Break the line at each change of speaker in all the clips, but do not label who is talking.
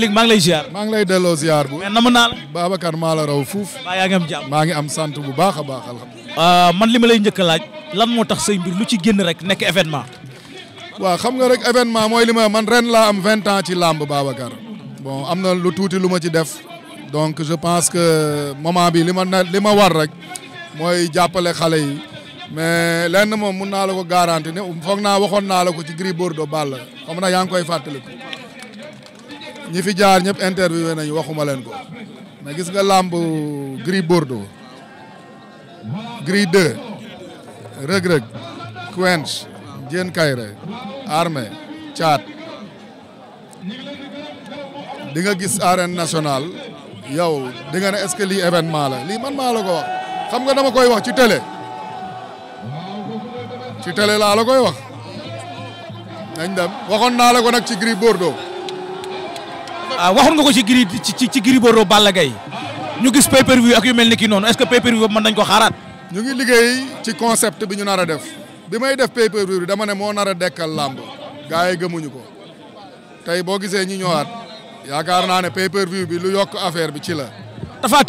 lig maa ngi lay ziar. maa ngi lay delloo ziar bu. mais namm naa la. Babacar maa la raw fuuf. maa yaa ngi am maa ngi am sant bu baax a baax alhamdulilah. Ah, man li ma lay njëkk a laaj. lan moo tax say mbir lu ci génn rek nekk événement.
waaw xam nga rek événement mooy li ma man ren laa am vingt ans ci làmb Babacar. bon am na lu tuuti lu ma ci def. donc je pense que moment bi li ma ne li ma war rek mooy jàppale xale yi mais lenn moom mun naa la ko garanti ne foog naa waxoon naa la ko ci Gris Bordeaux Balla xam na yaa ngi koy fàttaliku. ñi fi jaar ñëpp interviewé nañu waxuma leen ko mais gis nga làmb gris bordeaux gris 2 rëg-rëg quench jeen kayre armée caat di nga gis arène nationale yow di nga ne est-ce que lii événement la lii man maa la ko wax xam nga dama koy wax ci télé ci télé laa la koy wax nañ dem waxoon naa la ko nag ci gris bordeaux
waaw ah, waxoon nga ko ci Gris ci ci Gris Bordeaux Balla Gaye ñu gis pay per ak yu
mel ni ki noonu est-ce que pay per view ko xaaraat. ñu ngi liggéey ci concept bi ñu nar a def bi may def bi dama ne moo nar a dekkal làmb gars yi gëmuñu ko tey boo gisee ñu ñëwaat yaakaar naa ne pay bi lu yokk affaire bi ci la. Tapha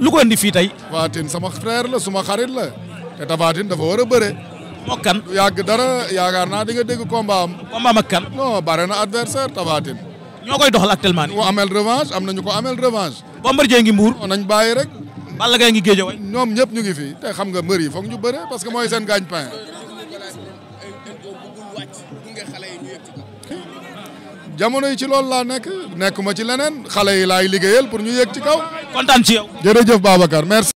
lu ko indi fii tey. Tapha sama frère la suma xarit la te Tapha dafa war a bëre. moo kan yàgg dara yaakaar naa di nga dégg combat am. combat kan. non bare na adversaire Tapha ñoo koy doxal actuellement nii. amel revanche am nañu ko amel revanche. Bombardier ngi mbuur. nañ bàyyi rek. Balla Gaye ngi Guédiawaye. ñoom ñëpp ñu ngi fi te xam nga mbër yi foog ñu bëre parce que mooy seen gagne-pain. jamono yi ci loolu laa nekk ma ci leneen xale yi laay liggéeyal pour ñu yeg ci kaw. kontaan ci yow. jërëjëf Babacar merci.